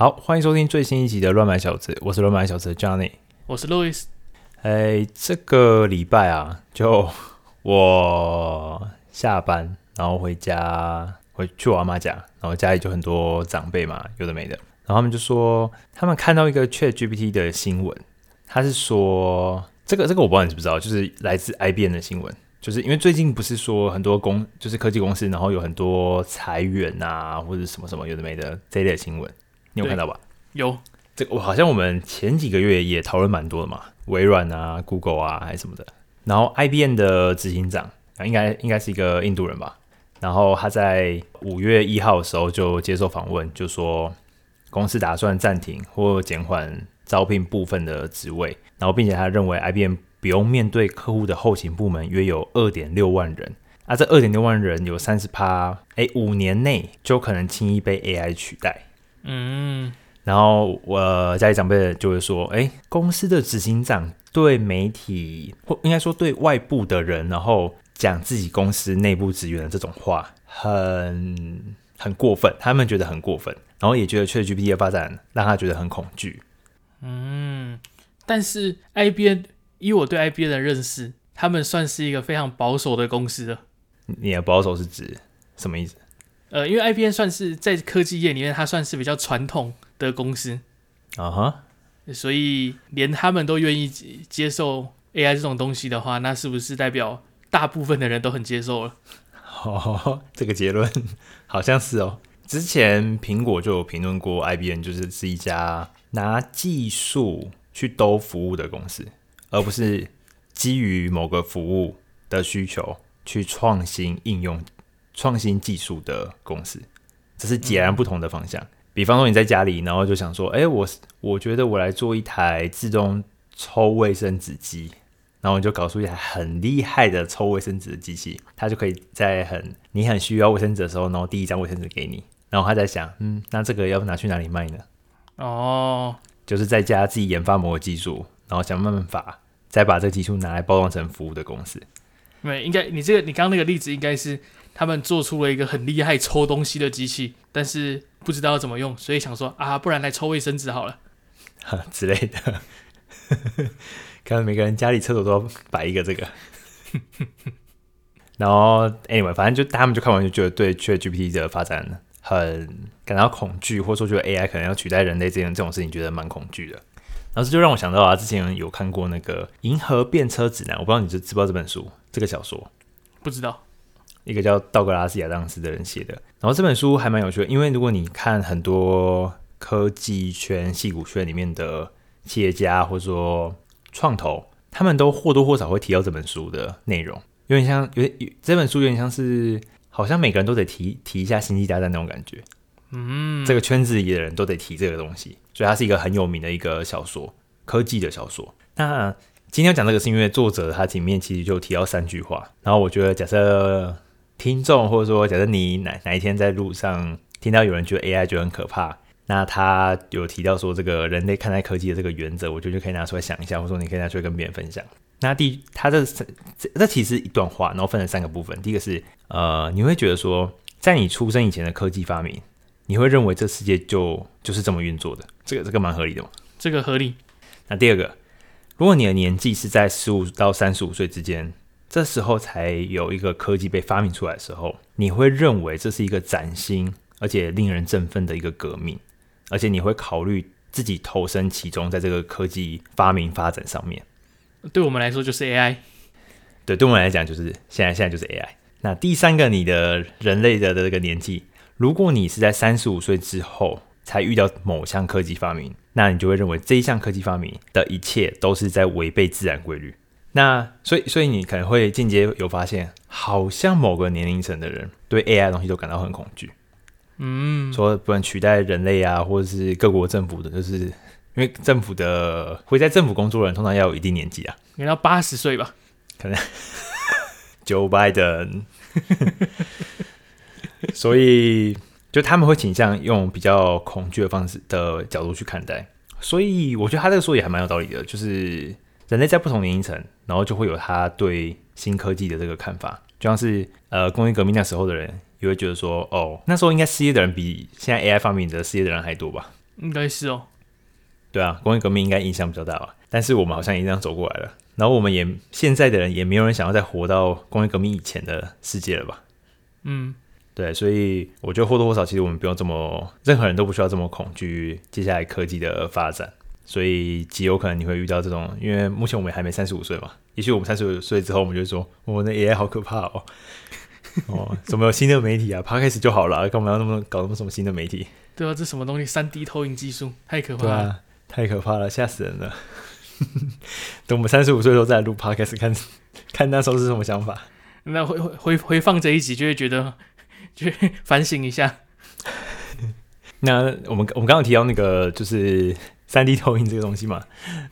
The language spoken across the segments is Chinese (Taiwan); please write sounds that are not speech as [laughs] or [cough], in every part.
好，歡迎收聽最新一集的《亂買小子》，我是亂買小子的 Johnny，我是 Louis。哎、欸，這個禮拜啊，就我下班然後回家回去我阿媽家，然後家裡就很多長輩嘛，有的沒的，然後他們就說他們看到一個 ChatGPT 的新聞，他是說這個這個我不知道你知不知道，就是來自 IBM 的新聞，就是因為最近不是說很多公就是科技公司，然後有很多裁員啊，或者什麼什麼有的沒的這類的新聞。你有看到吧？有，這個、我好，好像我們前幾個月也討論蠻多的嘛，微軟啊、Google 啊還是什麼的。然後 IBM 的執行長、啊、應該應該是一個印度人吧？然後他在五月一號的時候就接受訪問，就說公司打算暫停或減緩招聘部分的職位，然後並且他認為 IBM 不用面對客戶的後勤部門約有二點六萬人，啊，這二點六萬人有三十趴，哎、欸，五年內就可能輕易被 AI 取代。嗯，然後我、呃、家裡長輩就會說：“哎、欸，公司的執行長對媒體或應該說對外部的人，然後講自己公司內部職員的這種話，很很過分。他們覺得很過分，然後也覺得 ChatGPT 的發展讓他覺得很恐懼。”嗯，但是 IB 以我對 IB、N、的認識，他們算是一個非常保守的公司了。你的保守是指什麼意思？呃，因為 IBM 算是在科技業裡面，它算是比較傳統的公司啊哈，uh-huh. 所以連他們都願意接受 AI 這種東西的話，那是不是代表大部分的人都很接受了？哦，這個結論好像是哦。之前蘋果就有評論過，IBM 就是是一家拿技術去兜服務的公司，而不是基於某個服務的需求去創新應用。創新技術的公司，這是截然不同的方向。嗯、比方說，你在家裡，然後就想說：“哎、欸，我我覺得我來做一台自動抽衛生紙機，然後你就搞出一台很厲害的抽衛生紙的機器，他就可以在很你很需要衛生紙的時候，然後遞一張衛生紙給你。”然後他在想：“嗯，那這個要拿去哪裡賣呢？”哦，就是在家自己研發某個技術，然後想辦法再把這個技術拿來包裝成服務的公司。沒，應該你這個你剛剛那個例子應該是。他們做出了一個很厲害抽東西的機器，但是不知道要怎麼用，所以想說啊，不然來抽衛生紙好了，哈之、啊、類的。可 [laughs] 能每個人家裡廁所都要擺一個這個。 [laughs] 然後 anyway，反正就他們就看完就覺得對，ChatGPT 的發展很感到恐懼，或者說覺得 AI 可能要取代人類這樣這種事情，覺得蠻恐懼的。然後這就讓我想到啊，之前有看過那個《銀河便車指南》，我不知道你知知不知道這本書，這個小說。不知道。一個叫道格拉斯·亞當斯的人寫的，然後這本書還蠻有趣的，因為如果你看很多科技圈、矽谷圈裡面的企業家，或者說創投，他們都或多或少會提到這本書的內容，有點像，有點這本書有點像是好像每個人都得提提一下《星際大戰》那種感覺，嗯，這個圈子裡的人都得提這個東西，所以它是一個很有名的一個小說，科技的小說。那今天要講這個是因為作者他前面其實就提到三句話，然後我覺得假設。聽眾或者說，假設你哪哪一天在路上聽到有人覺得 AI 就很可怕，那他有提到說，這個人類看待科技的這個原則，我覺得就可以拿出來想一下，或者說你可以拿出來跟別人分享。那第，他這這這，這其實一段話，然後分成三個部分。第一個是，呃，你會覺得說，在你出生以前的科技發明，你會認為這世界就就是這麼運作的，這個這個蠻合理的嘛？這個合理。那第二個，如果你的年紀是在十五到三十五歲之間。這時候才有一個科技被發明出來的時候，你會認為這是一個嶄新而且令人振奮的一個革命，而且你會考慮自己投身其中，在這個科技發明發展上面。對我們來說就是 AI。對，對我們來講就是現在，現在就是 AI。那第三個，你的人類的的這個年紀，如果你是在三十五歲之後才遇到某項科技發明，那你就會認為這一項科技發明的一切都是在違背自然規律。那所以，所以你可能會間接有發現，好像某個年齡層的人對 AI 的東西都感到很恐懼，嗯，說不能取代人類啊，或者是各國政府的，就是因為政府的會在政府工作的人通常要有一定年紀啊，要八十歲吧，可能 [laughs] Joe Biden， [laughs] [laughs] 所以就他們會傾向用比較恐懼的方式的角度去看待，所以我覺得他這個說也還蠻有道理的，就是。人類在不同年齡層，然後就會有他對新科技的這個看法，就像是呃工業革命那時候的人，也會覺得說，哦，那時候應該失業的人比現在 AI 發明的失業的人還多吧？應該是哦。對啊，工業革命應該影響比較大吧？但是我們好像已經這樣走過來了，然後我們也現在的人也沒有人想要再活到工業革命以前的世界了吧？嗯，對，所以我覺得或多或少，其實我們不用這麼，任何人都不需要這麼恐懼接下來科技的發展。所以極有可能你會遇到這種，因為目前我們還沒三十五歲嘛，也許我們三十五歲之後，我們就會說：“我們的 AI 好可怕哦！哦，怎麼有新的媒體啊？Podcast 就好了，幹嘛要那麼搞那麼什麼新的媒體？”對啊，這什麼東西？三 D 投影技術太可怕了，太可怕了，嚇死人了！ [laughs] 等我們三十五歲的時候再錄 Podcast，看看那時候是什麼想法。那回回回回放這一集，就會覺得，就會反省一下。 [laughs] 那我們我們剛剛提到那個，就是。三 D 投影這個東西嘛，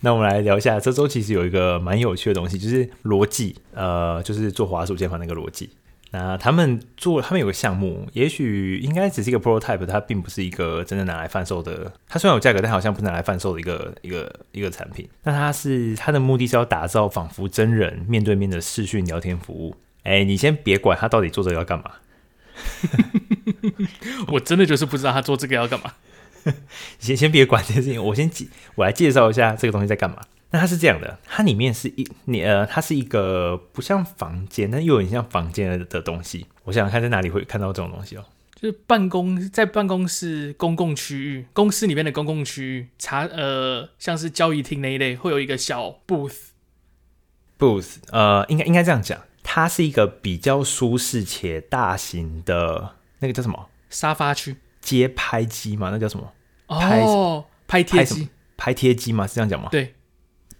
那我們來聊一下。這周其實有一個蠻有趣的東西，就是羅技，呃，就是做滑鼠鍵盤那個羅技。那他們做他們有個項目，也許應該只是一個 prototype，它並不是一個真正拿來販售的。它雖然有價格，但好像不是拿來販售的一個一個一個產品。那它是它的目的是要打造仿佛真人面對面的視訊聊天服務。哎、欸，你先別管他到底做這個要幹嘛， [laughs] [laughs] 我真的就是不知道他做這個要幹嘛。先先別管這件事情，我先介我來介紹一下這個東西在幹嘛。那它是這樣的，它裡面是一你呃，它是一個不像房間，但又有點像房間的，的東西。我想看在哪裡會看到這種東西哦。就是辦公，在辦公室公共區域，公司裡面的公共區域，查，呃，像是交易廳那一類，會有一個小 booth booth，呃，應該應該這樣講，它是一個比較舒適且大型的，那個叫什麼？沙發區，街拍機嘛，那叫什麼？拍哦，拍貼機，拍貼機嗎？是這樣講嗎？對，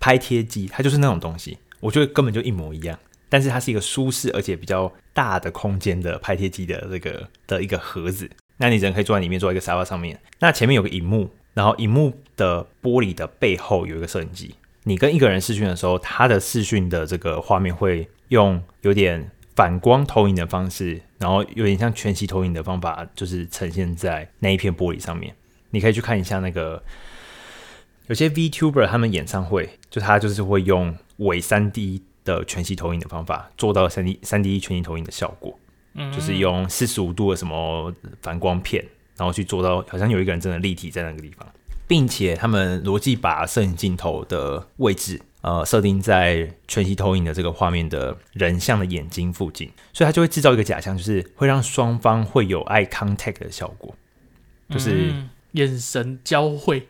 拍貼機，它就是那種東西，我覺得根本就一模一樣。但是它是一個舒適而且比較大的空間的拍貼機的這個的一個盒子。那你人可以坐在裡面，坐在一個沙發上面。那前面有個熒幕，然後熒幕的玻璃的背後有一個攝影機。你跟一個人視訊的時候，他的視訊的這個畫面會用有點反光投影的方式，然後有點像全息投影的方法，就是呈現在那一片玻璃上面。你可以去看一下那個，有些 Vtuber 他們演唱會，就他就是會用偽三 D 的全息投影的方法做到三 D 三 D 全息投影的效果，嗯，就是用四十五度的什麼反光片，然後去做到好像有一個人真的立體在那個地方，並且他們邏輯把攝影鏡頭的位置呃設定在全息投影的這個畫面的人像的眼睛附近，所以他就會製造一個假象，就是會讓雙方會有 eye contact 的效果，就是。嗯眼神交匯，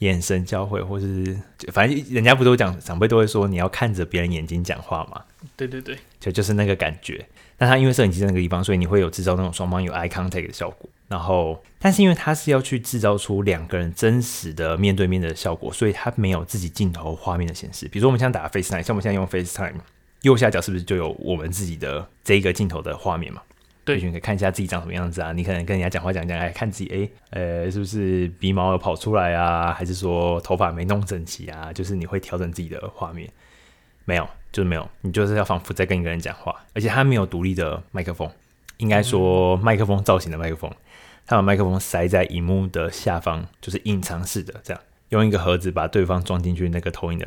眼神交匯，或是反正人家不都講，長輩都會說你要看着別人眼睛講話嘛。對對對，就就是那個感覺。那他因為攝影機在那個地方，所以你會有制造那種雙方有 eye contact 的效果。然後，但是因為他是要去制造出兩個人真實的面對面的效果，所以他沒有自己鏡頭畫面的顯示。比如說，我們想打 FaceTime，像我們現在用 FaceTime，右下角是不是就有我們自己的這一個鏡頭的畫面嘛？對，你可以看一下自己長什麼樣子啊。你可能跟人家講話，講講，哎，看自己，哎，呃，是不是鼻毛有跑出來啊？還是說頭髮沒弄整齊啊？就是你會調整自己的畫面，沒有，就是沒有，你就是要仿佛在跟一個人講話，而且他沒有獨立的麥克風，應該說麥克風造型的麥克風，他把麥克風塞在熒幕的下方，就是隱藏式的，這樣用一個盒子把對方裝進去，那個投影的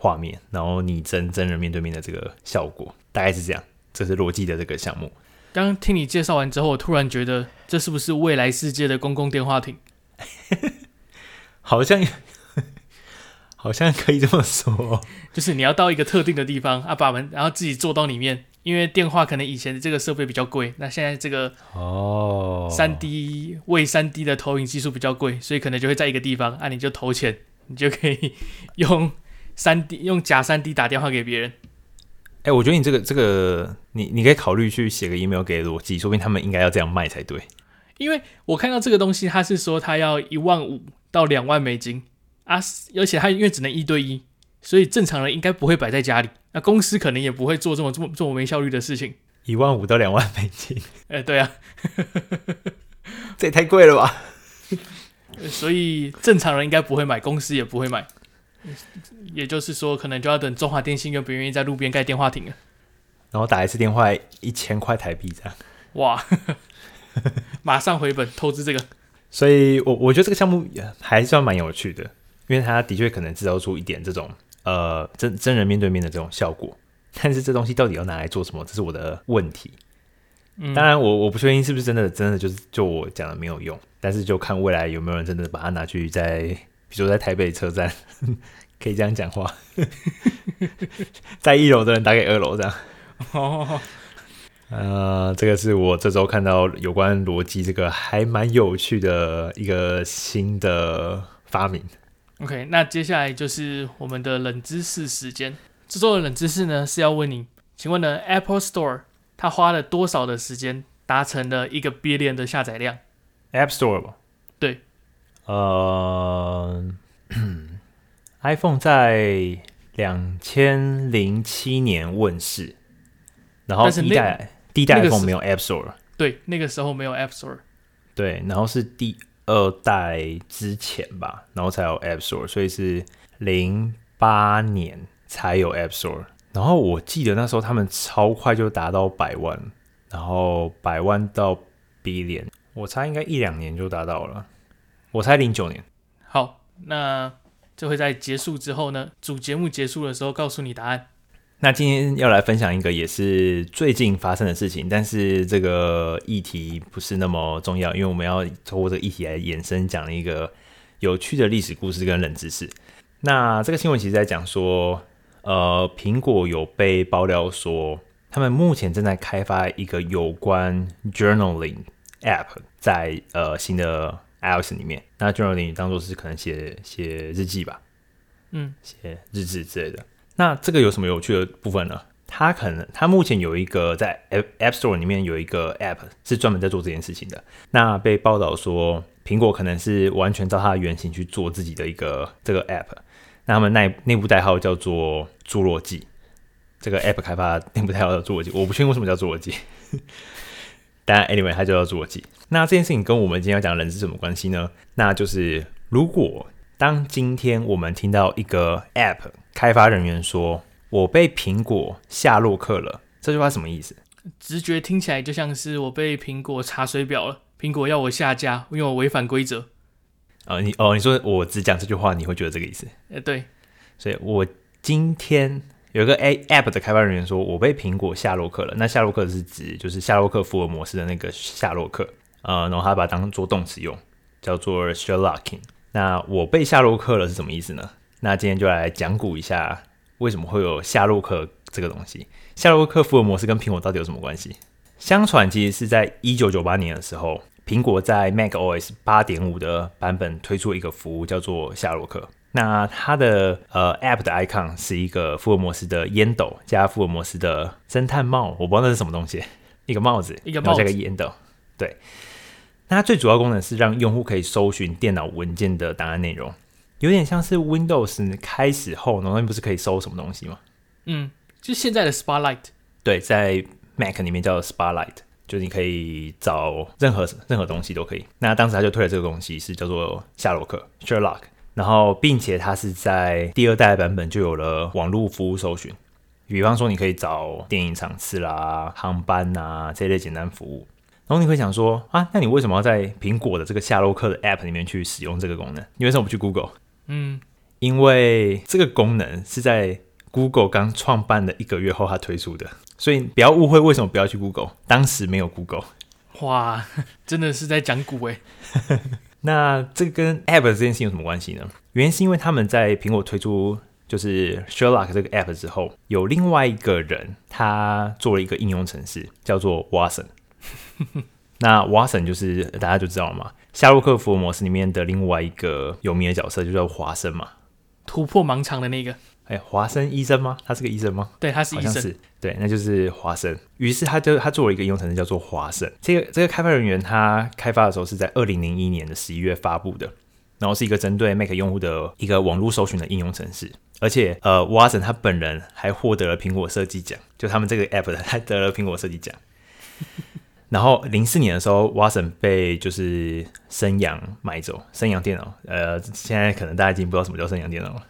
畫面，然後你真真人面對面的這個效果，大概是這樣，這是羅技的這個項目。剛聽你介紹完之後，我突然覺得這是不是未來世界的公共電話亭？ [laughs] 好像，好像可以這麼說。就是你要到一個特定的地方啊，把門，然後自己坐到裡面，因為電話可能以前的這個設備比較貴，那現在這個哦，三 D 為三 D 的投影技術比較貴，所以可能就會在一個地方啊，你就投錢，你就可以用三 D 用假三 D 打電話給別人。哎、欸，我覺得你這個這個，你你可以考慮去寫個 email 給羅技，說不定他們應該要這樣賣才對。因為我看到這個東西，他是說他要一萬五到兩萬美金啊，而且他因為只能一對一，所以正常人應該不會擺在家裡，那公司可能也不會做這麼這麼這麼沒效率的事情。一萬五到兩萬美金，哎、欸，對啊， [laughs] 這也太貴了吧！ [laughs] 所以正常人應該不會買，公司也不會買。也就是說，可能就要等中華電信願不願意在路邊蓋電話亭，然後打一次電話一千塊台幣這樣。哇，呵呵 [laughs] 馬上回本投資這個。所以我我覺得這個項目也還算蠻有趣的，因為它的確可能製造出一點這種呃真真人面對面的這種效果。但是這東西到底要拿來做什麼？這是我的問題。嗯，當然我，我我不確定是不是真的真的，真的就是就我講的沒有用。但是就看未來有沒有人真的把它拿去在。比如在台北車站，可以這樣講話， [laughs] 在一樓的人打給二樓這樣。Oh. 呃，這個是我這週看到有關羅技這個還蠻有趣的一個新的發明。OK，那接下來就是我們的冷知識時間。這週的冷知識呢是要問你，請問呢 Apple Store 它花了多少的時間達成了一個 Billion 的下載量？App Store 吧。呃、uh,，iPhone 在兩千零七年問世，然後第一代第一代 iPhone 沒有 App Store，對，那個時候沒有 App Store，對，然後是第二代之前吧，然後才有 App Store，所以是零八年才有 App Store。然後我記得那時候他們超快就達到百萬，然後百萬到 billion，我猜應該一兩年就達到了。我猜零九年。好，那就會在結束之後呢，主節目結束的時候告訴你答案。那今天要來分享一個也是最近發生的事情，但是這個議題不是那麼重要，因為我們要透過這個議題來延伸講一個有趣的歷史故事跟冷知識。那這個新聞其實在講說，呃，蘋果有被爆料說，他們目前正在開發一個有關 Journaling App，在呃新的。iOS 裡面，那 journal 你當做是可能寫寫日記吧，嗯，寫日誌之類的。那這個有什麼有趣的部分呢？它可能它目前有一個在 App Store 裡面有一個 App 是專門在做這件事情的。那被報道說蘋果可能是完全照它的原型去做自己的一個這個 App。那他們內內部代號叫做“侏羅紀”。這個 App 開發內部代號叫“侏羅紀”，我不確定為什麼叫“侏羅紀”。但 anyway，它叫做座機。那這件事情跟我們今天要講的人是什麼關係呢？那就是如果當今天我們聽到一個 app 開發人員說“我被蘋果夏洛克了”，這句話什麼意思？直覺聽起來就像是我被蘋果查水表了，蘋果要我下架，因為我違反規則。啊、呃，你哦、呃，你說我只講這句話，你會覺得這個意思？呃，對。所以我今天。有一個 A App 的開發人員說：“我被蘋果夏洛克了。”那夏洛克是指就是夏洛克福爾摩斯的那個夏洛克，呃，然後他把它當做動詞用，叫做 Sherlocking。那我被夏洛克了是什麼意思呢？那今天就來講古一下，為什麼會有夏洛克這個東西？夏洛克福爾摩斯跟蘋果到底有什麼關係？相傳其實是在一九九八年的時候，蘋果在 Mac OS 八點五的版本推出一個服務，叫做夏洛克。那它的呃 App 的 icon 是一個福爾摩斯的煙斗加福爾摩斯的偵探帽，我不知道那是什麼東西，一個帽子，一個帽子加個煙斗，對。那它最主要功能是讓用戶可以搜尋電腦文件的檔案內容，有點像是 Windows 開始後，然後不是可以搜什麼東西嗎？嗯，就現在的 Spotlight。對，在 Mac 裡面叫 Spotlight，就是你可以找任何任何東西都可以。那當時他就推了這個東西，是叫做夏洛克 Sherlock。然後，並且它是在第二代版本就有了網絡服務搜尋，比方說你可以找電影場次啦、航班啊這類簡單服務。然後你會想說啊，那你為什麼要在蘋果的這個夏洛克的 App 裡面去使用這個功能？你為什麼不去 Google？嗯，因為這個功能是在 Google 剛創辦的一個月後，它推出的。所以不要誤會，為什麼不要去 Google？當時沒有 Google。哇，真的是在講古哎、欸。 [laughs] 那這個跟 Apple 這件事情有什麼關係呢？原因是因為他們在蘋果推出就是 Sherlock 這個 App 之後，有另外一個人他做了一個應用程式，叫做 Watson。 [laughs] 那 Watson 就是大家就知道了嘛，《夏洛克·福爾摩斯》裡面的另外一個有名的角色，就叫華生嘛，突破盲腸的那個。哎，華生、欸、醫生嗎？他是個醫生嗎？對，他是醫生，好像是對，那就是華生。於是他就他做了一個應用程式，叫做華生。這個這個開發人員他開發的時候是在二零零一年的十一月發布的，然後是一個針對 Mac 用戶的一個網絡搜尋的應用程式。而且呃，Watson 他本人還獲得了蘋果設計獎，就他們這個 App 還得了蘋果設計獎。 [laughs] 然後零四年的時候，Watson 被就是昇陽買走，昇陽電腦。呃，現在可能大家已經不知道什麼叫昇陽電腦了。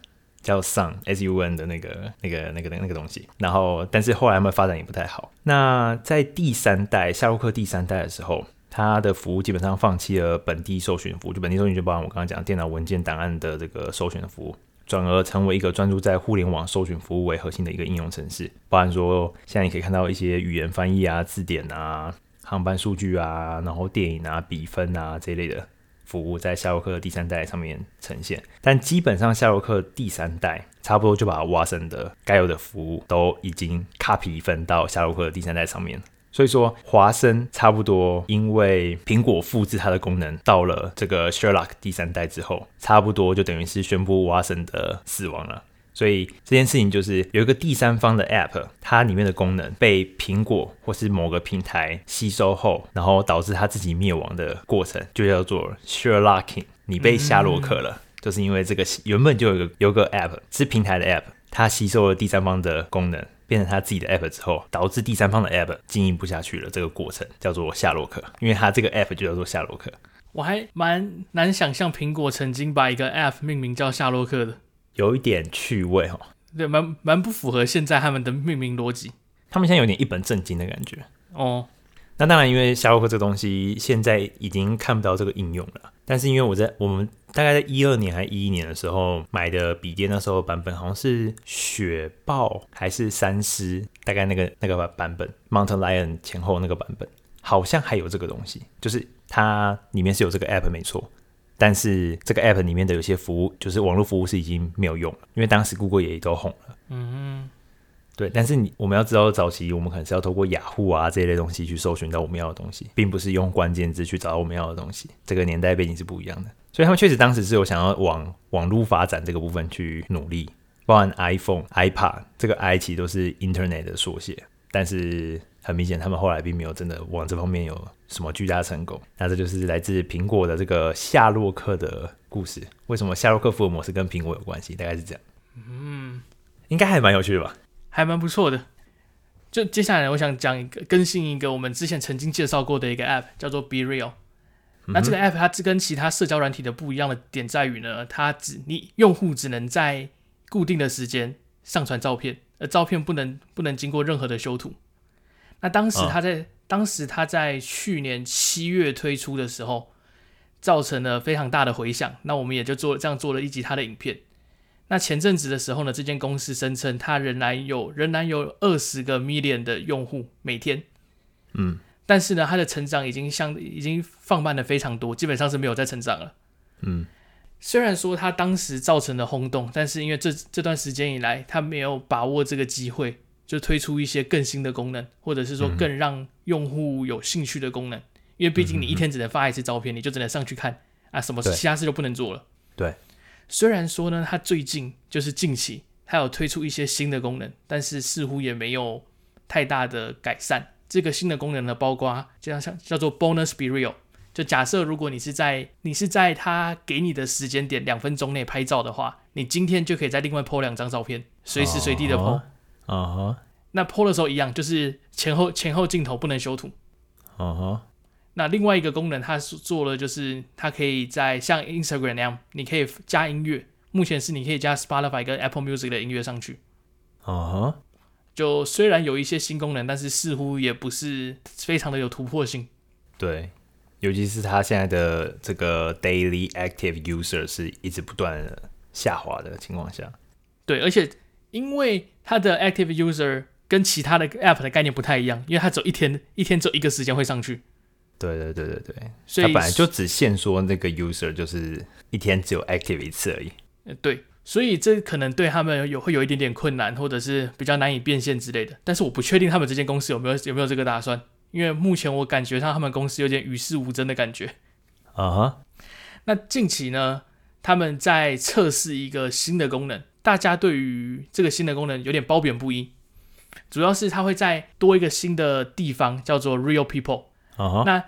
叫 Sun S U N 的那個、那個、那個、那個東西，然後但是後來他們發展也不太好。那在第三代夏洛克第三代的時候，它的服務基本上放棄了本地搜尋服務，就本地搜尋就包含我剛剛講電腦文件檔案的這個搜尋服務，轉而成為一個專注在互聯網搜尋服務為核心的一個應用程式，包含說現在你可以看到一些語言翻譯啊、字典啊、航班數據啊，然後電影啊、比分啊這一類的。服務在夏洛克的第三代上面呈現，但基本上夏洛克第三代差不多就把華生的該有的服務都已經 copy 一份到夏洛克的第三代上面，所以說華生，差不多因為蘋果複製它的功能到了這個 Sherlock 第三代之後，差不多就等於是宣布華生的死亡了。所以這件事情就是有一個第三方的 app，它裡面的功能被蘋果或是某個平台吸收後，然後導致它自己滅亡的過程，就叫做 Sherlocking。你被夏洛克了，嗯，就是因為這個原本就有一個有一個 app，是平台的 app，它吸收了第三方的功能，變成它自己的 app 之後，導致第三方的 app 經營不下去了。這個過程叫做夏洛克，因為它這個 app 就叫做夏洛克。我還蠻難想象蘋果曾經把一個 app 命名叫夏洛克的。有一點趣味哦，對，蠻蠻不符合現在他們的命名邏輯。他們現在有點一本正經的感覺哦。那當然，因為夏洛克這個東西現在已經看不到這個應用了。但是因為我在我們大概在一二年還是一一年的時候買的筆電，那時候版本好像是雪豹還是山獅，大概那個那個版本，Mountain Lion 前後那個版本，好像還有這個東西，就是它裡面是有這個 App 沒錯。但是這個 app 裡面的有些服務，就是網絡服務是已經沒有用了，因為當時 Google 也都紅了。嗯哼，對。但是你我們要知道，早期我們可能是要透過雅虎、ah、啊這一類東西去搜尋到我們要的東西，並不是用關鍵字去找到我們要的東西。這個年代背景是不一樣的，所以他們確實當時是有想要往網絡發展這個部分去努力，包含 iPhone、iPad 這個 i 其實都是 Internet 的縮寫。但是很明顯，他們後來並沒有真的往這方面有。什麼巨大成功？那這就是來自蘋果的這個夏洛克的故事。為什麼夏洛克福爾摩斯跟蘋果有關係？大概是這樣。嗯，應該還蠻有趣的吧？還蠻不錯的。就接下來，我想講一個更新一個我們之前曾經介紹過的一個 app，叫做 BeReal。嗯、哼那這個 app 它只跟其他社交軟體的不一樣的點在於呢，它只你用戶只能在固定的時間上傳照片，而照片不能不能經過任何的修圖。那當時他在。嗯當時他在去年七月推出的時候，造成了非常大的迴響。那我們也就做這樣做了一集他的影片。那前陣子的時候呢，這間公司聲稱他仍然有仍然有二十個 million 的用戶每天。嗯，但是呢，他的成長已經相已經放慢了非常多，基本上是沒有再成長了。嗯，雖然說他當時造成了轟動，但是因為這這段時間以來，他沒有把握這個機會。就推出一些更新的功能，或者是說更讓用戶有興趣的功能，嗯、因為畢竟你一天只能發一次照片，嗯、哼你就只能上去看啊，什麼事對其他事就不能做了。對，雖然說呢，它最近就是近期，它有推出一些新的功能，但是似乎也沒有太大的改善。這個新的功能呢，包括這樣叫叫做 Bonus BeReal 就假設如果你是在你是在它給你的時間點兩分鐘內拍照的話，你今天就可以再另外 po 兩張照片，隨時隨地的 po。哦啊哈，uh huh. 那 po 的時候一樣，就是前後前後鏡頭不能修圖。啊哈、uh huh. 那另外一個功能，它做了就是它可以在像 Instagram 那樣，你可以加音樂。目前是你可以加 Spotify 跟 Apple Music 的音樂上去。啊哈、uh huh. 就雖然有一些新功能，但是似乎也不是非常的有突破性。對，尤其是它現在的這個 Daily Active User 是一直不斷下滑的情況下。對，而且。因為它的 active user 跟其他的 app 的概念不太一樣，因為它只有一天，一天只有一個時間會上去。對對對對對，所以他本來就只限說那個 user 就是一天只有 active 一次而已。對，所以這可能對他們有會有一點點困難，或者是比較難以變現之類的。但是我不確定他們這間公司有沒有有沒有這個打算，因為目前我感覺上他們公司有點與世無爭的感覺。啊哈，uh-huh. 那近期呢，他們在測試一個新的功能。大家對於這個新的功能有點褒貶不一，主要是它會在多一個新的地方叫做 Real People，啊，Uh-huh. 那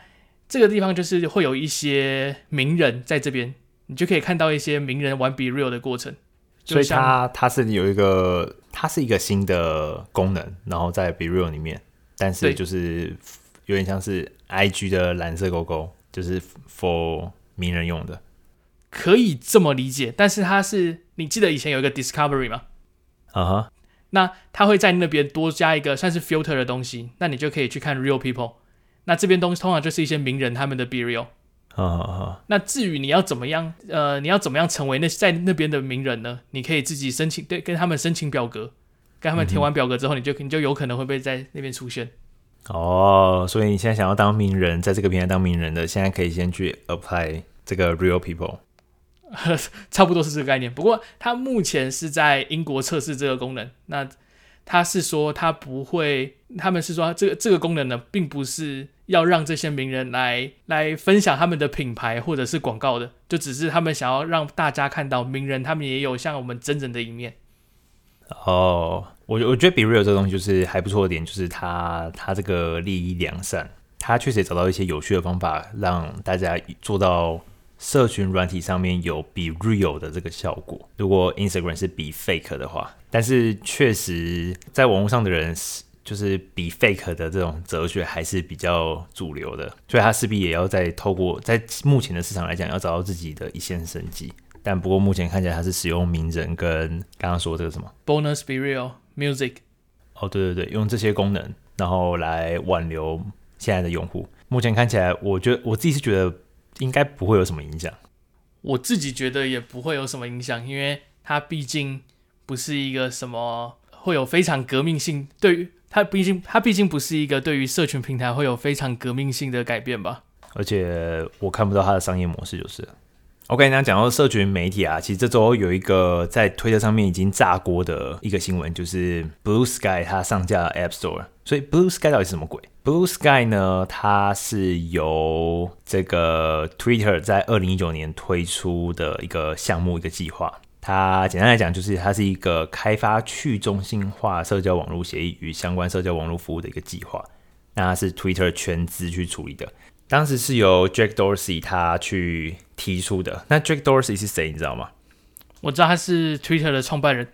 這個地方就是會有一些名人在這邊，你就可以看到一些名人玩 Be Real 的過程。所以它它是有一個，它是一個新的功能，然後在 Be Real 裡面，但是就是有點像是 IG 的藍色勾勾，就是 for 名人用的，可以這麼理解，但是它是。你記得以前有一個 discovery 嗎？啊哈、uh，huh. 那他會在那邊多加一個算是 filter 的東西，那你就可以去看 real people。那這邊東西通常就是一些名人他們的 BeReal。啊啊啊！Huh. 那至於你要怎麼樣，呃，你要怎麼樣成為那在那邊的名人呢？你可以自己申請，對，跟他們申請表格，跟他們填完表格之後，你就、嗯、哼你就有可能會被在那邊出現。哦，oh, 所以你現在想要當名人，在這個平台當名人的，現在可以先去 apply 這個 real people。 [laughs] 差不多是這個概念，不過他目前是在英國測試這個功能。那他是說，他不會，他們是說這，這這個功能呢，並不是要讓這些名人來來分享他們的品牌或者是廣告的，就只是他們想要讓大家看到名人，他們也有像我們真人的一面。哦，我我覺得，BeReal 這個東西就是還不錯的點，就是他他這個利益良善，他確實也找到一些有趣的方法讓大家做到。社群軟體上面有 BeReal 的這個效果，如果 Instagram 是 Be Fake 的話，但是確實在網絡上的人就是 Be Fake 的這種哲學還是比較主流的，所以它勢必也要再透過在目前的市場來講，要找到自己的一線生機。但不過目前看起來，它是使用名人跟剛剛說這個什麼 Bonus BeReal Music，哦對對對，用這些功能然後來挽留現在的用戶。目前看起來，我覺得我自己是覺得。應該不會有什麼影響，我自己覺得也不會有什麼影響，因為它畢竟不是一個什麼會有非常革命性，對於它畢竟它畢竟不是一個對於社群平台會有非常革命性的改變吧，而且我看不到它的商業模式就是。我 k、okay, 那講到社群媒體啊，其實這周有一個在推特上面已經炸鍋的一個新聞，就是 Blue Sky 它上架的 App Store。所以 Blue Sky 到底是什麼鬼？Blue Sky 呢，它是由這個 Twitter 在二零一九年推出的一個項目、一個計劃。它簡單來講，就是它是一個開發去中心化社交網絡協議與相關社交網絡服務的一個計劃。那它是 Twitter 全資去處理的。當時是由 Jack Dorsey 他去提出的。那 Jack Dorsey 是誰，你知道嗎？我知道他是 Twitter 的創辦人。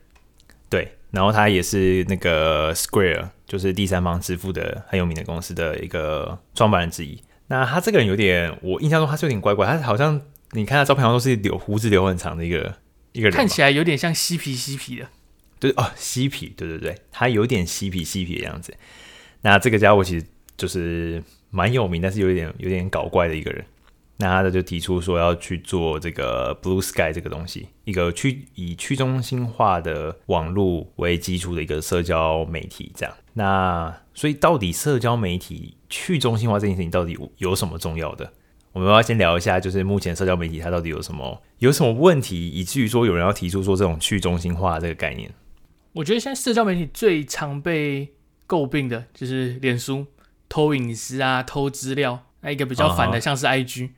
對，然後他也是那個 Square，就是第三方支付的很有名的公司的一個創辦人之一。那他這個人有點，我印象中他是有點怪怪，他好像你看他照片上都是留鬍子留很長的一個一個人，看起來有點像嬉皮嬉皮的。對，哦，嬉皮，對對對，他有點嬉皮嬉皮的樣子。那這個傢伙其實就是。蠻有名，但是有一點有點搞怪的一個人。那他就提出說要去做這個 Bluesky 這個東西，一個去以去中心化的網絡為基礎的一個社交媒體。這樣，那所以到底社交媒體去中心化這件事情到底有有什麼重要的，我們要先聊一下，就是目前社交媒體它到底有什麼有什麼問題，以至於說有人要提出說這種去中心化這個概念。我覺得現在社交媒體最常被詬病的就是臉書，偷隱私啊，偷資料那、啊、一個比較煩的，uh huh. 像是 IG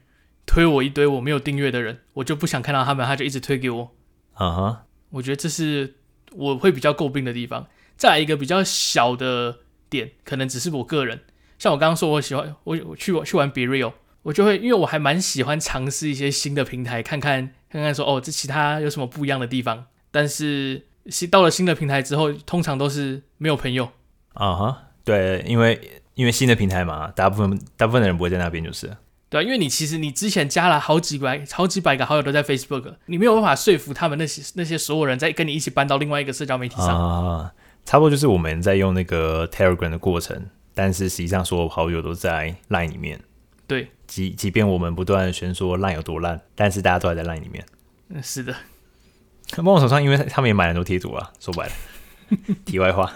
推我一堆我沒有訂閱的人，我就不想看到他們，他就一直推給我。啊哈、uh，huh. 我覺得這是我會比較詬病的地方。再來一個比較小的點，可能只是我個人，像我剛剛說我喜歡我我去,我去玩 BeReal 我就會因為我還蠻喜歡嘗試一些新的平台，看看看看說哦這其他有什麼不一樣的地方。但是新到了新的平台之後，通常都是沒有朋友。啊哈、uh，huh. 對，因為。因為新的平台嘛，大部分大部分的人不會在那邊，就是對啊，因為你其實你之前加了好幾百、好幾百個好友都在 Facebook，你沒有辦法說服他們那些那些所有人在跟你一起搬到另外一個社交媒體上啊。差不多就是我們在用那個 Telegram 的過程，但是實際上所有好友都在 Line 裡面。對，即即便我們不斷宣說 Line 有多爛，但是大家都還在 Line 裡面。嗯，是的。那幫我手上，因為他們也買了很多貼圖啊，說白了。題外話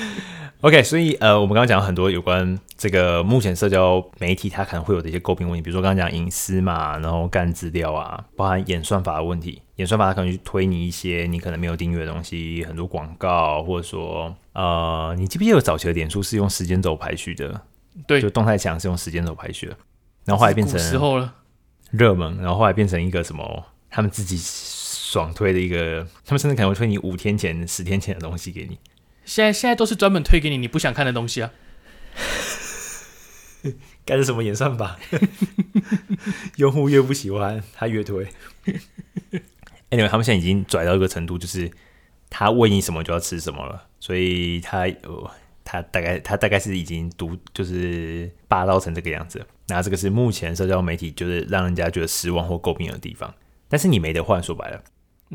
[laughs] ，OK，所以呃，我們剛剛講了很多有關這個目前社交媒體它可能會有的一些詬病問題，比如說剛剛講隱私嘛，然後幹資料啊，包含演算法的問題，演算法他可能去推你一些你可能沒有訂閱的東西，很多廣告，或者說呃，你記不記得，有早期的臉書是用時間軸排序的，對，就動態牆是用時間軸排序的，然後後來變成熱時候了，熱門，然後後來變成一個什麼，他們自己。爽推的一個，他們甚至可能會推你五天前、十天前的東西給你。現在現在都是專門推給你你不想看的東西啊，該是 [laughs] 什麼演算法？ [laughs] 用戶越不喜歡，他越推。 [laughs] Anyway。他們現在已經拽到一個程度，就是他餵你什麼就要吃什麼了，所以他呃、哦，他大概他大概是已經獨就是霸道成這個樣子。那這個是目前社交媒體就是讓人家覺得失望或詬病的地方。但是你沒得換，說白了。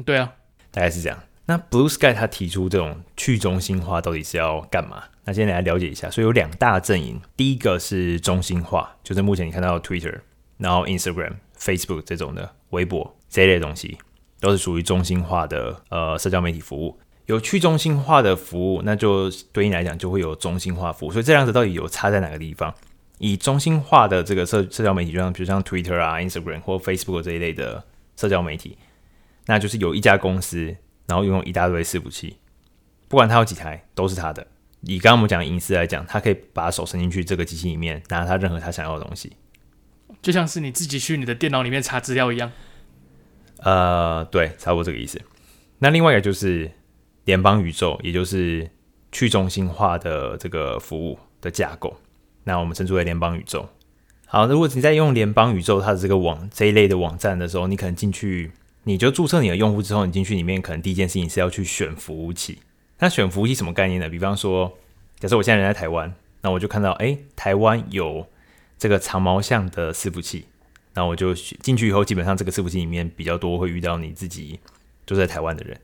對啊，大概是這樣。那 Bluesky 他提出這種去中心化到底是要幹嘛？那先來了解一下。所以有兩大陣營，第一個是中心化，就是目前你看到的 Twitter、然後 Instagram、Facebook 這種的微博這一類東西，都是屬於中心化的呃社交媒體服務。有去中心化的服務，那就對你來講就會有中心化服務。所以這兩者到底有差在哪個地方？以中心化的這個社社交媒體，就像比如像 Twitter 啊、Instagram 或 Facebook 這一類的社交媒體。那就是有一家公司，然後擁有一大堆伺服器，不管它有幾台，都是它的。以剛剛我們講的隱私來講，它可以把手伸進去這個機器裡面，拿它任何它想要的東西，就像是你自己去你的電腦裡面查資料一樣。呃，對，差不多這個意思。那另外一個就是聯邦宇宙，也就是去中心化的這個服務的架構，那我們稱之為聯邦宇宙。好，如果你在用聯邦宇宙它的這個網這一類的網站的時候，你可能進去。你就註冊你的用戶之後，你進去裡面可能第一件事情是要去選服務器。那選服務器什麼概念呢？比方說，假設我現在人在台灣，那我就看到，誒、欸，台灣有這個長毛象的伺服器，那我就進去以後，基本上這個伺服器裡面比較多會遇到你自己住在台灣的人。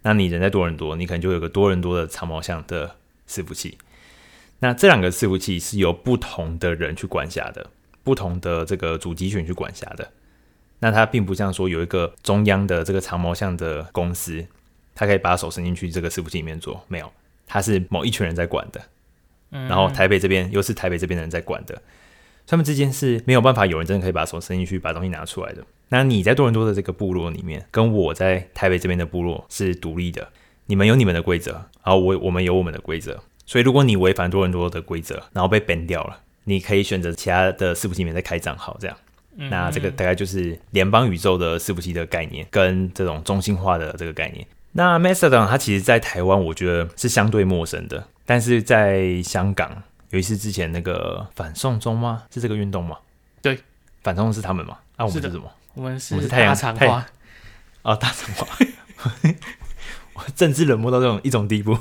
那你人在多倫多，你可能就有個多倫多的長毛象的伺服器。那這兩個伺服器是由不同的人去管轄的，不同的這個主機群去管轄的。那他並不像說有一個中央的這個長毛象的公司，他可以把手伸進去這個伺服器裡面做，沒有，他是某一群人在管的，嗯，然後台北這邊又是台北這邊的人在管的，所以他們之間是沒有辦法有人真的可以把手伸進去把東西拿出來的。那你在多倫多的這個部落裡面，跟我在台北這邊的部落是獨立的，你們有你們的規則，然後我我們有我們的規則，所以如果你違反多倫多的規則，然後被 ban 掉了，你可以選擇其他的伺服器裡面再開賬號這樣。那這個大概就是聯邦宇宙的伺服器的概念，跟這種中心化的這個概念。那 Mastodon 它其實在台灣，我覺得是相對陌生的，但是在香港，尤其是之前那個反送中嗎？是這個運動嗎？對，反送是他們嗎？那、啊、我們是什麼是？我們是大長花哦、啊，大長瓜， [laughs] [laughs] 我政治冷漠到這種一種地步。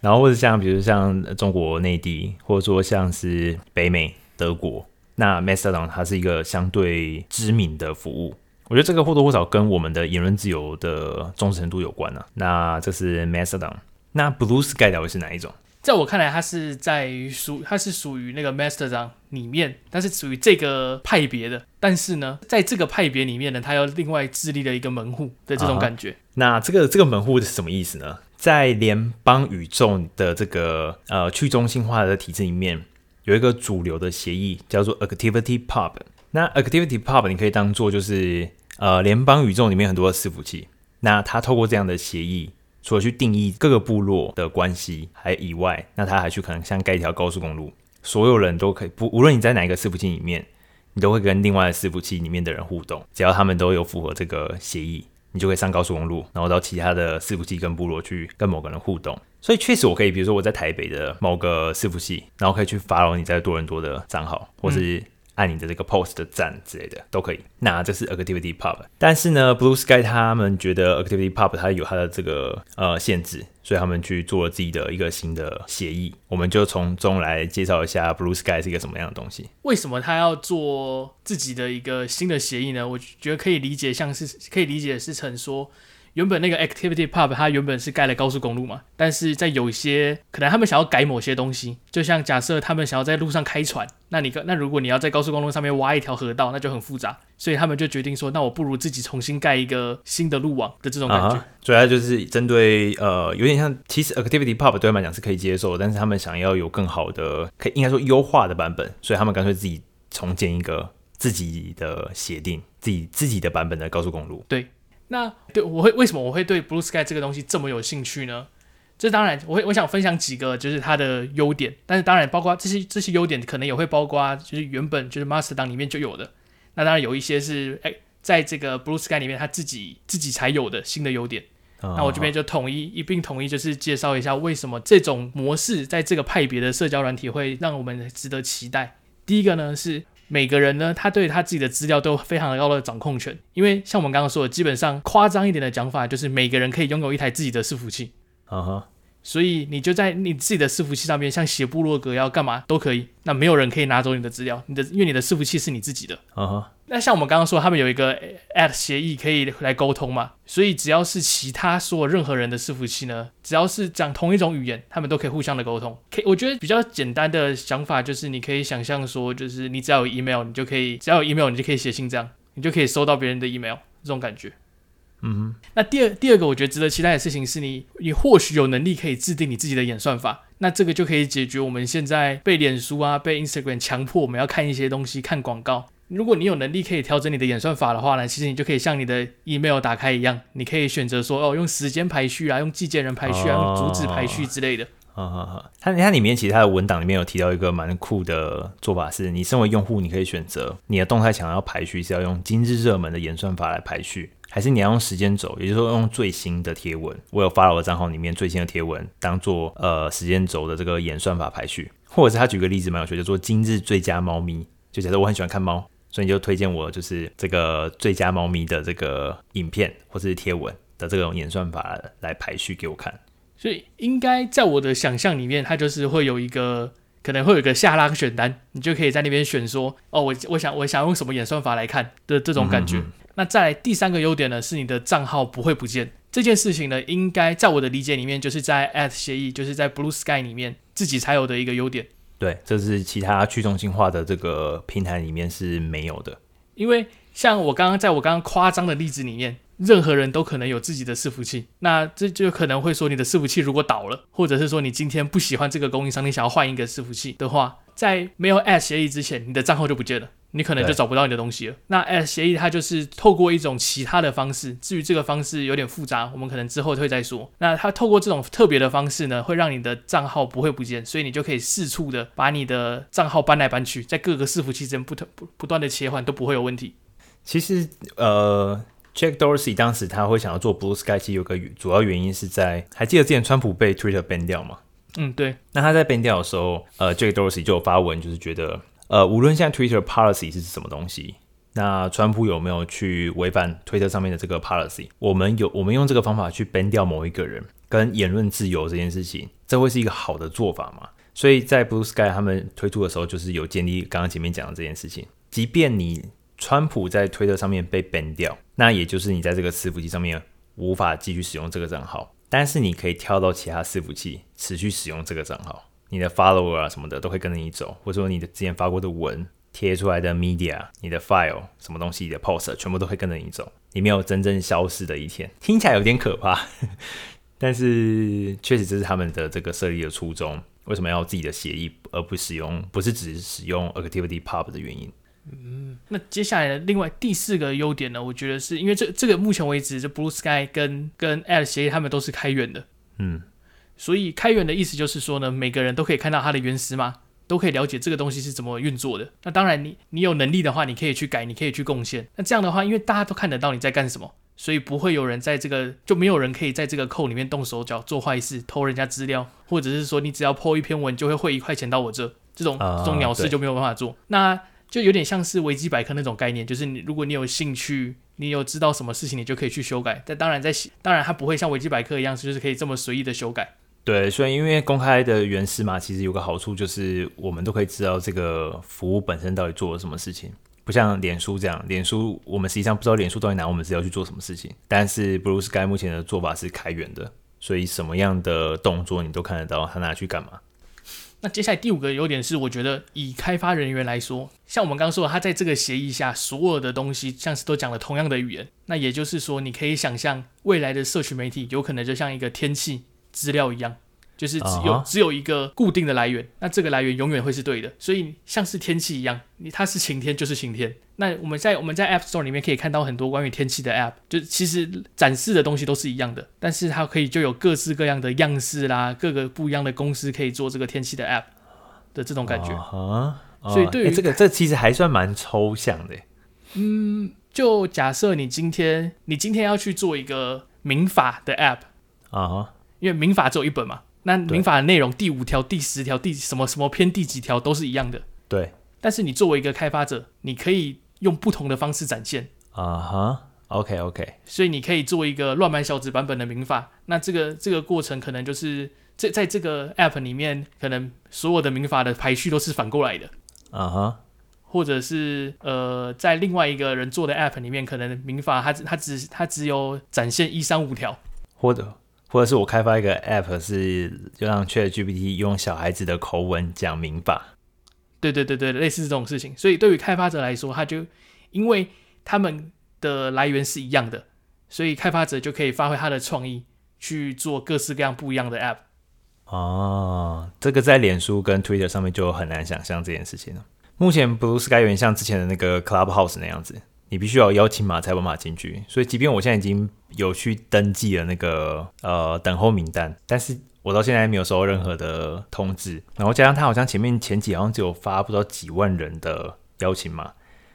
然後或者像比如像中國內地，或者說像是北美、德國。那 Mastodon 它是一個相對知名的服務，我覺得這個或多或少跟我們的言論自由的重視程度有關呢、啊。那這是 Mastodon，那 Bluesky 會是哪一種？在我看來，它是在屬，它是屬於那個 Mastodon 裡面，它是屬於這個派別的。但是呢，在這個派別裡面呢，它又另外自立了一個門戶的這種感覺、uh huh。那這個這個門戶是什麼意思呢？在聯邦宇宙的這個呃去中心化的體制裡面。有一個主流的協議叫做 Activity Pub。那 Activity Pub 你可以當做就是呃聯邦宇宙裡面很多的伺服器。那它透過這樣的協議，除了去定義各個部落的關係還以外，那它還去可能像蓋一條高速公路，所有人都可以，不，無論你在哪一個伺服器裡面，你都會跟另外的伺服器裡面的人互動，只要他們都有符合這個協議。你就可以上高速公路，然後到其他的伺服器跟部落去跟某個人互動。所以確實我可以，比如說我在台北的某個伺服器，然後可以去發 w 你在多倫多的賬號，或是。按你的這個 post 的讚之類的都可以，那這是 ActivityPub。但是呢，Bluesky 他們覺得 ActivityPub 它有它的這個呃限制，所以他們去做了自己的一個新的協議。我們就從中來介紹一下 Bluesky 是一個什麼樣的東西。為什麼他要做自己的一個新的協議呢？我覺得可以理解，像是可以理解是成說。原本那個 Activity Pub 它原本是蓋了高速公路嘛，但是在有些可能他們想要改某些東西，就像假設他們想要在路上開船，那你那如果你要在高速公路上面挖一條河道，那就很複雜，所以他們就決定說，那我不如自己重新蓋一個新的路網的這種感覺。主要、啊、就是針對呃有點像，其實 Activity Pub 對他們來講是可以接受，但是他們想要有更好的，可以應該說優化的版本，所以他們乾脆自己重建一個自己的協定，自己自己的版本的高速公路。對。那對，我會為什麼我會對 Bluesky 這個東西這麼有興趣呢？這當然，我會我想分享幾個就是它的優點，但是當然包括這些這些優點可能也會包括，就是原本就是 Mastodon 裡面就有的。那當然有一些是誒，在這個 Bluesky 裡面他自己自己才有的新的優點。Uh huh. 那我這邊就統一一併統一就是介紹一下為什麼這種模式在這個派別的社交軟體會讓我們值得期待。第一個呢是。每個人呢，他對他自己的資料都非常高的掌控權，因為像我們剛剛說的，基本上誇張一點的講法，就是每個人可以擁有一台自己的伺服器，啊哈、uh，huh. 所以你就在你自己的伺服器上面，像寫部落格要幹嘛都可以，那沒有人可以拿走你的資料，你的因為你的伺服器是你自己的，啊哈、uh。Huh. 那像我們剛剛說，他們有一個 at 協議可以來溝通嘛，所以只要是其他所有任何人的伺服器呢，只要是講同一種語言，他們都可以互相的溝通。可以，我覺得比較簡單的想法就是，你可以想象說，就是你只要有 email，你就可以只要有 email，你就可以寫信這樣，你就可以收到別人的 email 這種感覺。嗯哼，那第二第二個我覺得值得期待的事情是你，你或許有能力可以制定你自己的演算法。那這個就可以解決我們現在被臉書啊、被 Instagram 強迫我們要看一些東西、看廣告。如果你有能力可以調整你的演算法的話呢，其實你就可以像你的 email 打開一樣，你可以選擇說，哦，用時間排序啊，用寄件人排序啊，哦、用主旨排序之類的。啊啊啊！它、哦哦、它裡面其實它的文檔裡面有提到一個蠻酷的做法，是你身為用戶，你可以選擇你的動態牆要排序是要用今日熱門的演算法來排序，還是你要用時間軸，也就是說用最新的貼文。我有 follow 的賬號裡面最新的貼文，當做呃時間軸的這個演算法排序，或者是他舉個例子蠻有趣，叫做今日最佳貓咪，就假設我很喜歡看貓。所以你就推薦我就是這個最佳貓咪的這個影片或者是貼文的這種演算法來排序給我看。所以應該在我的想象裡面，它就是會有一個可能會有一個下拉選單，你就可以在那邊選說哦，我我想我想用什麼演算法來看的這種感覺。嗯、哼哼。那再來第三個優點呢，是你的賬號不會不見這件事情呢，應該在我的理解裡面，就是在 AT 協議就是在 Bluesky 裡面自己才有的一個優點。對，這是其他去中心化的這個平台裡面是沒有的。因為像我剛剛在我剛剛誇張的例子裡面，任何人都可能有自己的伺服器，那這就可能會說你的伺服器如果倒了，或者是說你今天不喜歡這個供應商，你想要換一個伺服器的話，在沒有 AT 協議之前，你的賬號就不見了。你可能就找不到你的東西了。對。那 S 協議它就是透過一種其他的方式，至於這個方式有點複雜，我們可能之後會再說。那它透過這種特別的方式呢，會讓你的賬號不會不見，所以你就可以四處的把你的賬號搬來搬去，在各個伺服器之間不同不不，不斷的切換都不會有問題。其實呃，Jack Dorsey 當時他會想要做 Blue Sky，其實有個主要原因是在還記得之前川普被 Twitter ban 掉嗎？嗯，對。那他在 ban 掉的時候，呃，Jack Dorsey 就有發文就是覺得。呃，無論現在 Twitter policy 是什麼東西，那川普有沒有去違反推特上面的這個 policy？我們有，我們用這個方法去 ban 掉某一個人，跟言論自由這件事情，這會是一個好的做法嘛？所以在 Bluesky 他們推出的時候，就是有建立剛剛前面講的這件事情。即便你川普在推特上面被 ban 掉，那也就是你在這個伺服器上面無法繼續使用這個賬號，但是你可以跳到其他伺服器，持續使用這個賬號。你的 follower 啊什麼的都會跟着你走，或者說你的之前發過的文、貼出來的 media、你的 file 什麼東西，你的 post，全部都會跟着你走，你沒有真正消失的一天。聽起來有點可怕，呵呵，但是確實這是他們的這個設立的初衷。為什麼要自己的協議，而不使用不是只是使用 ActivityPub 的原因？嗯，那接下來的另外第四個優點呢？我覺得是因為這這個目前為止，這 Bluesky 跟跟 AT 協議他們都是開源的。嗯。所以開源的意思就是說呢，每個人都可以看到它的原始碼嘛，都可以了解這個東西是怎麼運作的。那當然你，你你有能力的話，你可以去改，你可以去貢獻。那這樣的話，因為大家都看得到你在幹什麼，所以不會有人在這個，就沒有人可以在這個扣裡面動手腳做壞事，偷人家資料，或者是說你只要 PO 一篇文就會匯一塊錢到我這，這種這種鳥事就沒有辦法做。Uh, 對那就有點像是維基百科那種概念，就是你如果你有興趣，你有知道什麼事情，你就可以去修改。但當然在，在當然它不會像維基百科一樣，就是可以這麼隨意的修改。對，所以因為公開的原始嘛，其實有個好處就是我們都可以知道這個服務本身到底做了什麼事情，不像臉書這樣，臉書我們實際上不知道臉書到底拿我們資料去做什麼事情。但是 Bluesky 目前的做法是開源的，所以什麼樣的動作你都看得到他拿去幹嘛。那接下來第五個優點是，我覺得以開發人員來說，像我們剛剛說的，他在這個協議下，所有的東西像是都講了同樣的語言，那也就是說，你可以想象未來的社群媒體有可能就像一個天氣資料一樣，就是只有、uh huh. 只有一個固定的來源，那這個來源永遠會是對的。所以像是天氣一樣，你它是晴天就是晴天。那我們在我們在 App Store 裡面可以看到很多關於天氣的 App，就其實展示的東西都是一樣的，但是它可以就有各式各樣的樣式啦，各個不一樣的公司可以做這個天氣的 App 的這種感覺。Uh huh. uh huh. 所以對於、欸、這個，這個、其實還算蠻抽象的。嗯，就假設你今天你今天要去做一個民法的 App 啊、uh。Huh. 因為民法只有一本嘛，那民法的內容第五條、第十條、第什麼什麼篇第幾條都是一樣的。對。但是你作為一個開發者，你可以用不同的方式展現。啊哈、uh huh，OK OK。所以你可以做一個亂版小子版本的民法，那這個這個過程可能就是這在這個 App 裡面，可能所有的民法的排序都是反過來的。啊哈、uh huh. 或者是呃，在另外一個人做的 App 裡面，可能民法它只它只有展現一三五條，或者。或者是我開發一個 App，是就讓 ChatGPT 用小孩子的口吻講民法。對對對對，類似這種事情。所以對於開發者來說，他就因為他們的來源是一樣的，所以開發者就可以發揮他的創意去做各式各樣不一樣的 App。哦，這個在臉書跟 Twitter 上面就很難想象這件事情了。目前 Bluesky 有點像之前的那個 Clubhouse 那樣子。你必須要邀請碼才有辦法進去，所以即便我現在已經有去登記了那個呃等候名單，但是我到現在還沒有收到任何的通知，然後加上他好像前面前幾好像只有發不知道幾萬人的邀請碼，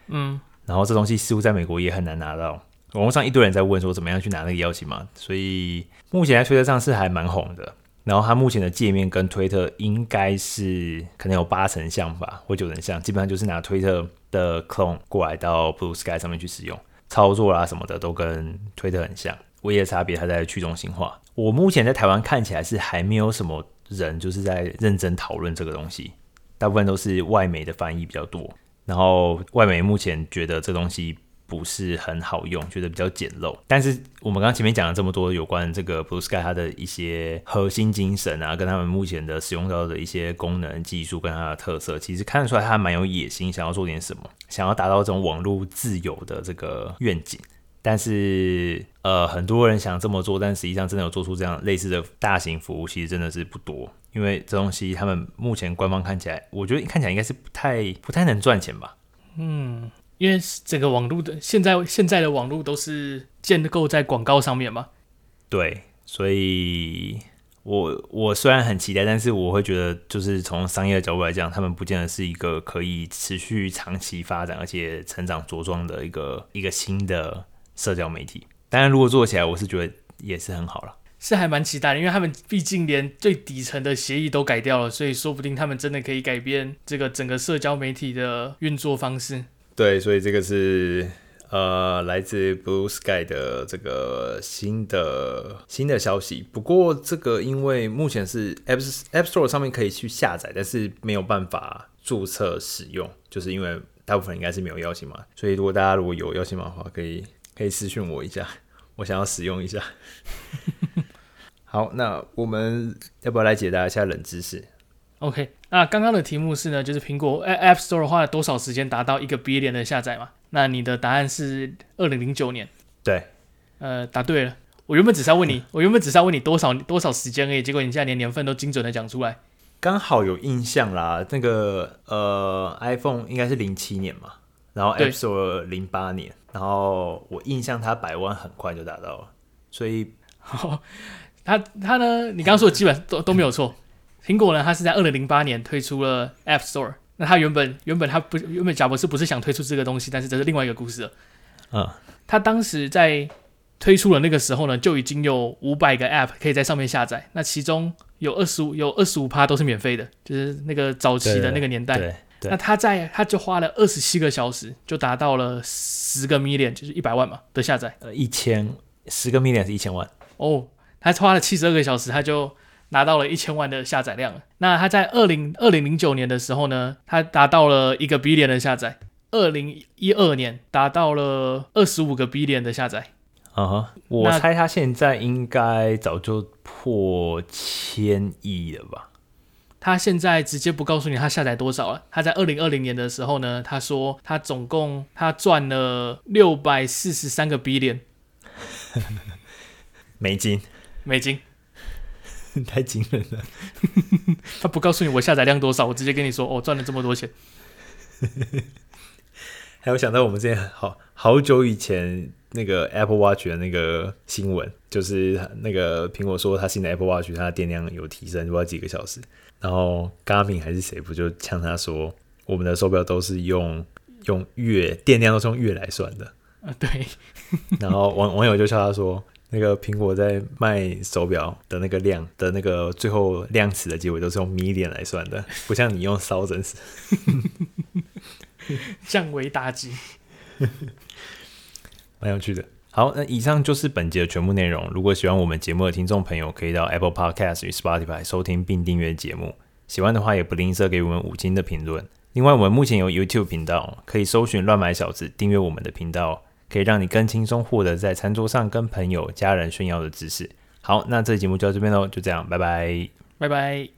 嗯，然後這東西似乎在美國也很難拿到，網絡上一堆人在問說怎麼樣去拿那個邀請碼，所以目前在推特上是還蠻紅的。然後它目前的界面跟推特應該是可能有八成像吧，或九成像，基本上就是拿推特的 clone 過來到 Bluesky 上面去使用，操作啦、啊，什麼的都跟推特很像，唯一的差別它在去中心化。我目前在台灣看起來是還沒有什麼人就是在認真討論這個東西，大部分都是外媒的翻譯比較多，然後外媒目前覺得這東西不是很好用，覺得比較簡陋。但是我們剛剛前面講了這麼多有關這個 Bluesky 它的一些核心精神啊，跟他們目前的使用到的一些功能技術跟它的特色，其實看得出來它蠻有野心，想要做點什麼，想要達到這種網絡自由的這個願景。但是呃，很多人想這麼做，但實際上真的有做出這樣類似的大型服務，其實真的是不多。因為這東西他們目前官方看起來，我覺得看起來應該是不太不太能賺錢吧。嗯。因為整個網絡的現在現在的網絡都是建構在廣告上面嘛，對，所以我我雖然很期待，但是我會覺得，就是從商業的角度來講，他們不見得是一個可以持續長期發展而且成長茁壯的一個一個新的社交媒體。當然，如果做起來，我是覺得也是很好了，是還蠻期待的，因為他們畢竟連最底層的協議都改掉了，所以說不定他們真的可以改變這個整個社交媒體的運作方式。對，所以這個是呃，來自 Blue Sky 的這個新的新的消息。不過這個因為目前是 Apps, App Store 上面可以去下載，但是沒有辦法註冊使用，就是因為大部分人應該是沒有邀請碼嘛。所以如果大家如果有邀請碼的話可，可以可以私信我一下，我想要使用一下。 [laughs] 好，那我們要不要來解答一下冷知識？OK。那剛剛的題目是呢，就是蘋果、欸、App Store 花了多少時間達到一個 billion 的下載嘛？那你的答案是二零零九年，對，呃，答對了。我原本只是要問你，嗯、我原本只是要問你多少多少時間而已，結果你現在連年份都精準的講出來。剛好有印象啦，那個呃，iPhone 應該是零七年嘛，然後 App Store 零八年，對然後我印象它百萬很快就達到了，所以，呵呵他他呢，你剛剛說的基本都呵呵都沒有錯。蘋果呢，它是在二零零八年推出了 App Store。那它原本原本它不原本，賈伯斯不是想推出這個東西，但是這是另外一個故事了。嗯，他當時在推出了那個時候呢，就已經有五百個 App 可以在上面下載。那其中有二十五有二十五趴都是免費的，就是那個早期的那個年代。對，對，對。那他在，它就花了二十七個小時，就達到了十個 million，就是一百萬嘛的下載。呃，一千，十個 million 是一千萬。哦，他花了七十二個小時，他就。拿到了一千萬的下載量。那他在二零二零零九年的時候呢，他達到了一個 billion 的下載。二零一二年達到了二十五個 billion 的下載。啊、uh，huh, 那我猜他現在應該早就破千億了吧？他現在直接不告訴你他下載多少了。他在二零二零年的時候呢，他說他總共他賺了六百四十三個 billion [laughs] 美金，美金。太驚人了！ [laughs] 他不告訴你我下載量多少，我直接跟你說哦，賺了這麼多錢。 [laughs] 還有想到我們之前好好久以前那個 Apple Watch 的那個新聞，就是那個蘋果說他新的 Apple Watch 它的電量有提升，多幾個小時。然後 Garmin 還是誰不就嗆他說，我們的手錶都是用用月電量都是用月來算的。啊，對。 [laughs] 然後網網友就笑他說。那個蘋果在賣手表的那個量的那個最後量詞的結尾都是用 million 來算的，不像你用 thousands， [laughs] [laughs] 降維打擊，蠻有趣的。好，那以上就是本集的全部內容。如果喜歡我們節目的聽眾朋友，可以到 Apple Podcast 與 Spotify 收聽並訂閱節目。喜歡的話也不吝嗇給我們五星的評論。另外，我們目前有 YouTube 頻道，可以搜尋“亂買小子”訂閱我們的頻道。可以讓你更輕鬆獲得在餐桌上跟朋友、家人炫耀的知識。好，那這期節目就到這邊嘍，就這樣，拜拜，拜拜。